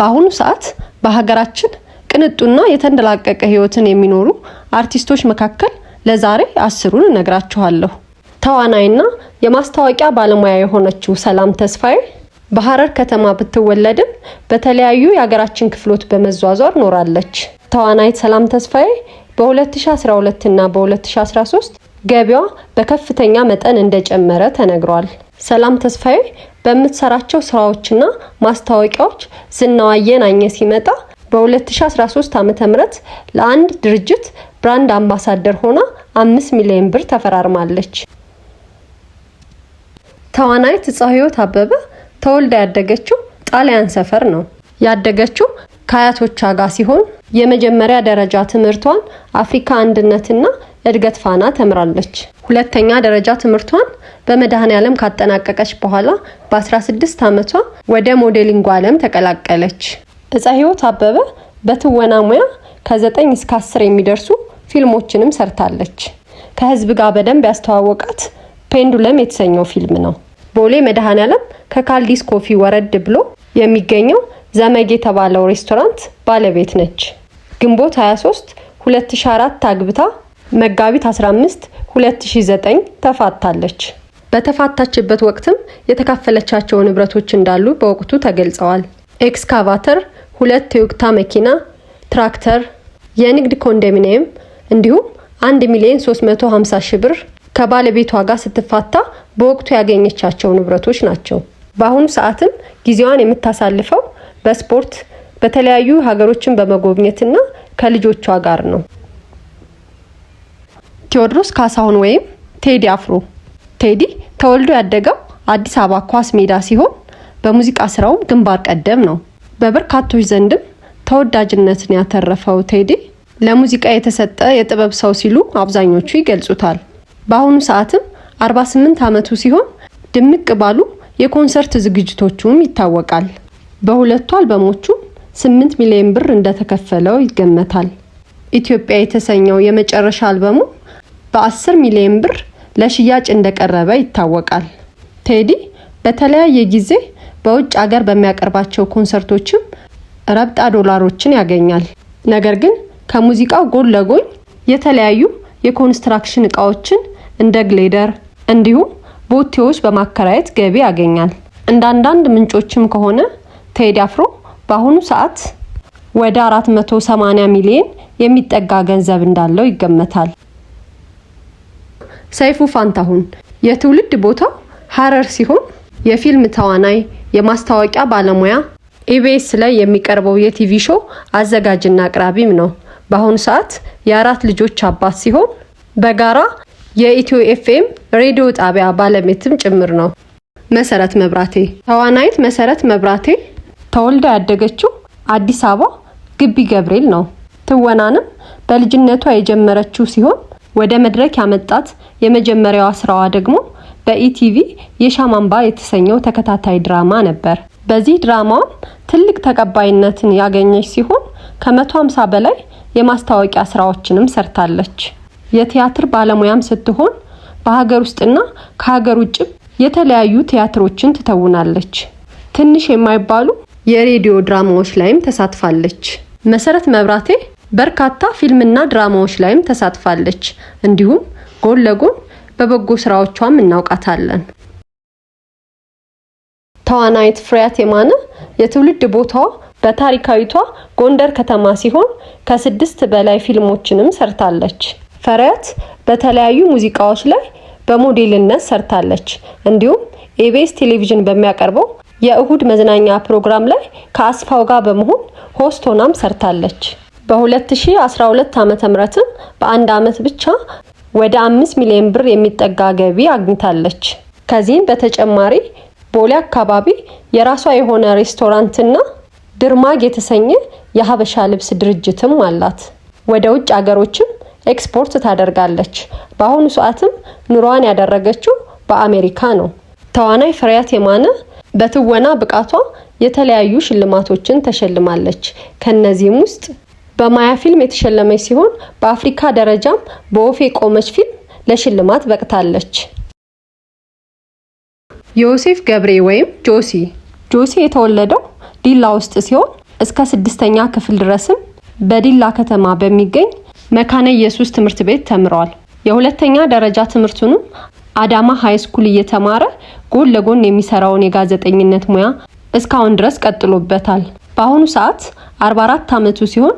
በአሁኑ ሰዓት በሀገራችን ቅንጡና የተንደላቀቀ ህይወትን የሚኖሩ አርቲስቶች መካከል ለዛሬ አስሩን እነግራችኋለሁ። ተዋናይና የማስታወቂያ ባለሙያ የሆነችው ሰላም ተስፋዬ በሐረር ከተማ ብትወለድም በተለያዩ የሀገራችን ክፍሎች በመዟዟር ኖራለች። ተዋናይት ሰላም ተስፋዬ በ2012 እና በ2013 ገቢዋ በከፍተኛ መጠን እንደጨመረ ተነግሯል። ሰላም ተስፋዬ በምትሰራቸው ስራዎችና ማስታወቂያዎች ዝናዋ እየናኘ ሲመጣ በ2013 ም ለአንድ ድርጅት ብራንድ አምባሳደር ሆና አምስት ሚሊዮን ብር ተፈራርማለች። ተዋናይት ፀሐይወት አበበ ተወልዳ ያደገችው ጣሊያን ሰፈር ነው። ያደገችው ከአያቶቿ ጋር ሲሆን የመጀመሪያ ደረጃ ትምህርቷን አፍሪካ አንድነትና እድገት ፋና ተምራለች። ሁለተኛ ደረጃ ትምህርቷን በመድኃኔ ዓለም ካጠናቀቀች በኋላ በ16 ዓመቷ ወደ ሞዴሊንጉ ዓለም ተቀላቀለች። እፀ ህይወት አበበ በትወና ሙያ ከ9 እስከ 10 የሚደርሱ ፊልሞችንም ሰርታለች። ከህዝብ ጋር በደንብ ያስተዋወቃት ፔንዱለም የተሰኘው ፊልም ነው። ቦሌ መድኃኔ ዓለም ከካልዲስ ኮፊ ወረድ ብሎ የሚገኘው ዘመግ የተባለው ሬስቶራንት ባለቤት ነች። ግንቦት 23 2004 አግብታ መጋቢት 15 2009 ተፋታለች። በተፋታችበት ወቅትም የተካፈለቻቸው ንብረቶች እንዳሉ በወቅቱ ተገልጸዋል። ኤክስካቫተር፣ ሁለት የወቅታ መኪና፣ ትራክተር፣ የንግድ ኮንዶሚኒየም እንዲሁም 1 ሚሊዮን 350 ሺህ ብር ከባለቤቷ ጋር ስትፋታ በወቅቱ ያገኘቻቸው ንብረቶች ናቸው። በአሁኑ ሰዓትም ጊዜዋን የምታሳልፈው በስፖርት በተለያዩ ሀገሮችን በመጎብኘትና ከልጆቿ ጋር ነው። ቴዎድሮስ ካሳሁን ወይም ቴዲ አፍሮ። ቴዲ ተወልዶ ያደገው አዲስ አበባ ኳስ ሜዳ ሲሆን በሙዚቃ ስራውም ግንባር ቀደም ነው። በበርካቶች ዘንድም ተወዳጅነትን ያተረፈው ቴዲ ለሙዚቃ የተሰጠ የጥበብ ሰው ሲሉ አብዛኞቹ ይገልጹታል። በአሁኑ ሰዓትም 48 ዓመቱ ሲሆን ድምቅ ባሉ የኮንሰርት ዝግጅቶቹም ይታወቃል። በሁለቱ አልበሞቹ 8 ሚሊዮን ብር እንደተከፈለው ይገመታል። ኢትዮጵያ የተሰኘው የመጨረሻ አልበሙ በ10 ሚሊዮን ብር ለሽያጭ እንደቀረበ ይታወቃል። ቴዲ በተለያየ ጊዜ በውጭ አገር በሚያቀርባቸው ኮንሰርቶችም ረብጣ ዶላሮችን ያገኛል። ነገር ግን ከሙዚቃው ጎን ለጎን የተለያዩ የኮንስትራክሽን እቃዎችን እንደ ግሌደር እንዲሁም ቦቴዎች በማከራየት ገቢ ያገኛል። እንደ አንዳንድ ምንጮችም ከሆነ ቴዲ አፍሮ በአሁኑ ሰዓት ወደ 480 ሚሊዮን የሚጠጋ ገንዘብ እንዳለው ይገመታል። ሰይፉ ፋንታሁን የትውልድ ቦታው ሀረር ሲሆን የፊልም ተዋናይ፣ የማስታወቂያ ባለሙያ፣ ኢቢኤስ ላይ የሚቀርበው የቲቪ ሾው አዘጋጅና አቅራቢም ነው። በአሁኑ ሰዓት የአራት ልጆች አባት ሲሆን በጋራ የኢትዮ ኤፍኤም ሬዲዮ ጣቢያ ባለቤትም ጭምር ነው። መሰረት መብራቴ ተዋናይት መሰረት መብራቴ ተወልዳ ያደገችው አዲስ አበባ ግቢ ገብርኤል ነው። ትወናንም በልጅነቷ የጀመረችው ሲሆን ወደ መድረክ ያመጣት የመጀመሪያዋ ስራዋ ደግሞ በኢቲቪ የሻማንባ የተሰኘው ተከታታይ ድራማ ነበር። በዚህ ድራማዋም ትልቅ ተቀባይነትን ያገኘች ሲሆን ከ150 በላይ የማስታወቂያ ስራዎችንም ሰርታለች። የቲያትር ባለሙያም ስትሆን በሀገር ውስጥና ከሀገር ውጭም የተለያዩ ቲያትሮችን ትተውናለች። ትንሽ የማይባሉ የሬዲዮ ድራማዎች ላይም ተሳትፋለች። መሰረት መብራቴ በርካታ ፊልምና ድራማዎች ላይም ተሳትፋለች። እንዲሁም ጎን ለጎን በበጎ ስራዎቿም እናውቃታለን። ተዋናይት ፍሬያት የማነ የትውልድ ቦታዋ በታሪካዊቷ ጎንደር ከተማ ሲሆን ከስድስት በላይ ፊልሞችንም ሰርታለች። ፍሬያት በተለያዩ ሙዚቃዎች ላይ በሞዴልነት ሰርታለች። እንዲሁም ኤቢኤስ ቴሌቪዥን በሚያቀርበው የእሁድ መዝናኛ ፕሮግራም ላይ ከአስፋው ጋር በመሆን ሆስት ሆናም ሰርታለች። በ2012 ዓ.ም በአንድ ዓመት ብቻ ወደ አምስት ሚሊዮን ብር የሚጠጋ ገቢ አግኝታለች። ከዚህም በተጨማሪ ቦሌ አካባቢ የራሷ የሆነ ሬስቶራንትና ድርማግ የተሰኘ የሀበሻ ልብስ ድርጅትም አላት። ወደ ውጭ አገሮችም ኤክስፖርት ታደርጋለች። በአሁኑ ሰዓትም ኑሯን ያደረገችው በአሜሪካ ነው። ተዋናይ ፍሬያት የማነ በትወና ብቃቷ የተለያዩ ሽልማቶችን ተሸልማለች። ከእነዚህም ውስጥ በማያ ፊልም የተሸለመች ሲሆን በአፍሪካ ደረጃም በወፍ የቆመች ፊልም ለሽልማት በቅታለች። ዮሴፍ ገብሬ ወይም ጆሲ ጆሲ የተወለደው ዲላ ውስጥ ሲሆን እስከ ስድስተኛ ክፍል ድረስም በዲላ ከተማ በሚገኝ መካነ ኢየሱስ ትምህርት ቤት ተምሯል። የሁለተኛ ደረጃ ትምህርቱንም አዳማ ሀይ ስኩል እየተማረ ጎን ለጎን የሚሰራውን የጋዜጠኝነት ሙያ እስካሁን ድረስ ቀጥሎበታል። በአሁኑ ሰዓት 44 ዓመቱ ሲሆን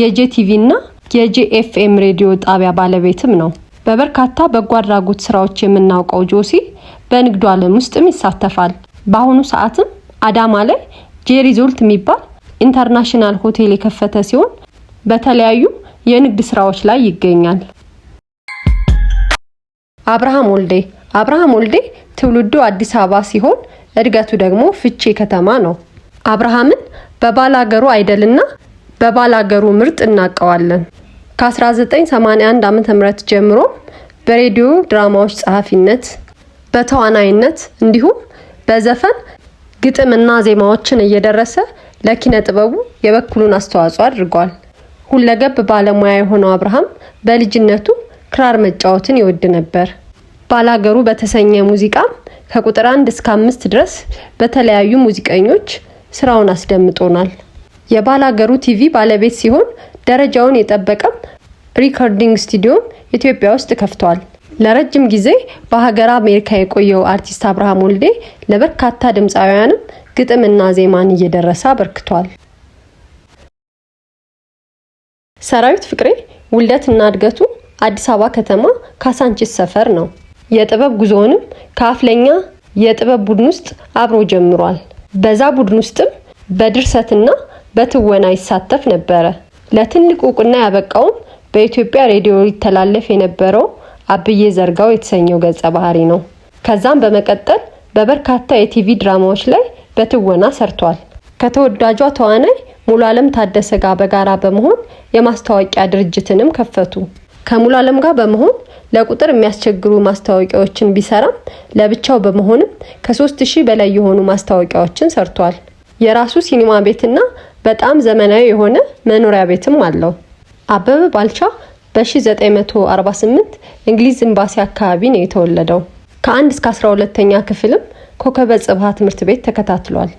የጄቲቪ እና የጄኤፍኤም ሬዲዮ ጣቢያ ባለቤትም ነው። በበርካታ በጎ አድራጎት ስራዎች የምናውቀው ጆሲ በንግዱ ዓለም ውስጥም ይሳተፋል። በአሁኑ ሰዓትም አዳማ ላይ ጄሪዞልት የሚባል ኢንተርናሽናል ሆቴል የከፈተ ሲሆን በተለያዩ የንግድ ስራዎች ላይ ይገኛል። አብርሃም ወልዴ አብርሃም ወልዴ ትውልዱ አዲስ አበባ ሲሆን እድገቱ ደግሞ ፍቼ ከተማ ነው። አብርሃምን በባላገሩ አይደልና በባላገሩ ምርጥ እናውቀዋለን። ከ1981 ዓ.ም ጀምሮ በሬዲዮ ድራማዎች ጸሐፊነት፣ በተዋናይነት እንዲሁም በዘፈን ግጥምና ዜማዎችን እየደረሰ ለኪነ ጥበቡ የበኩሉን አስተዋጽኦ አድርጓል። ሁለገብ ባለሙያ የሆነው አብርሃም በልጅነቱ ክራር መጫወትን ይወድ ነበር። ባላገሩ በተሰኘ ሙዚቃ ከቁጥር አንድ እስከ አምስት ድረስ በተለያዩ ሙዚቀኞች ስራውን አስደምጦናል። የባላገሩ ቲቪ ባለቤት ሲሆን ደረጃውን የጠበቀም ሪኮርዲንግ ስቱዲዮም ኢትዮጵያ ውስጥ ከፍቷል። ለረጅም ጊዜ በሀገር አሜሪካ የቆየው አርቲስት አብርሃም ወልዴ ለበርካታ ድምፃውያንም ግጥምና ዜማን እየደረሰ አበርክቷል። ሰራዊት ፍቅሬ ውልደትና እድገቱ አዲስ አበባ ከተማ ካሳንቺስ ሰፈር ነው። የጥበብ ጉዞውንም ከአፍለኛ የጥበብ ቡድን ውስጥ አብሮ ጀምሯል። በዛ ቡድን ውስጥም በድርሰትና በትወና ይሳተፍ ነበረ። ለትልቅ እውቅና ያበቃውም በኢትዮጵያ ሬዲዮ ይተላለፍ የነበረው አብዬ ዘርጋው የተሰኘው ገጸ ባህሪ ነው። ከዛም በመቀጠል በበርካታ የቲቪ ድራማዎች ላይ በትወና ሰርቷል። ከተወዳጇ ተዋናይ ሙሉ አለም ታደሰ ጋር በጋራ በመሆን የማስታወቂያ ድርጅትንም ከፈቱ። ከሙሉ አለም ጋር በመሆን ለቁጥር የሚያስቸግሩ ማስታወቂያዎችን ቢሰራም ለብቻው በመሆንም ከ3 ሺህ በላይ የሆኑ ማስታወቂያዎችን ሰርቷል። የራሱ ሲኒማ ቤትና በጣም ዘመናዊ የሆነ መኖሪያ ቤትም አለው። አበበ ባልቻ በ1948 እንግሊዝ ኤምባሲ አካባቢ ነው የተወለደው። ከአንድ እስከ 12ተኛ ክፍልም ኮከበ ጽብሃ ትምህርት ቤት ተከታትሏል።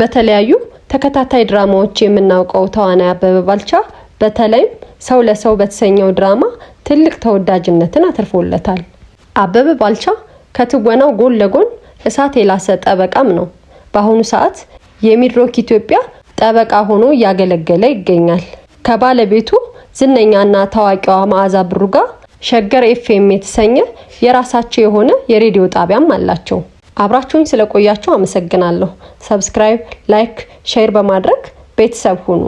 በተለያዩ ተከታታይ ድራማዎች የምናውቀው ተዋናይ አበበ ባልቻ በተለይም ሰው ለሰው በተሰኘው ድራማ ትልቅ ተወዳጅነትን አትርፎለታል። አበበ ባልቻ ከትወናው ጎን ለጎን እሳት የላሰ ጠበቃም ነው። በአሁኑ ሰዓት የሚድሮክ ኢትዮጵያ ጠበቃ ሆኖ እያገለገለ ይገኛል። ከባለቤቱ ዝነኛና ታዋቂዋ መዓዛ ብሩ ጋር ሸገር ኤፍኤም የተሰኘ የራሳቸው የሆነ የሬዲዮ ጣቢያም አላቸው። አብራችሁኝ ስለቆያችሁ አመሰግናለሁ። ሰብስክራይብ፣ ላይክ፣ ሼር በማድረግ ቤተሰብ ሁኑ።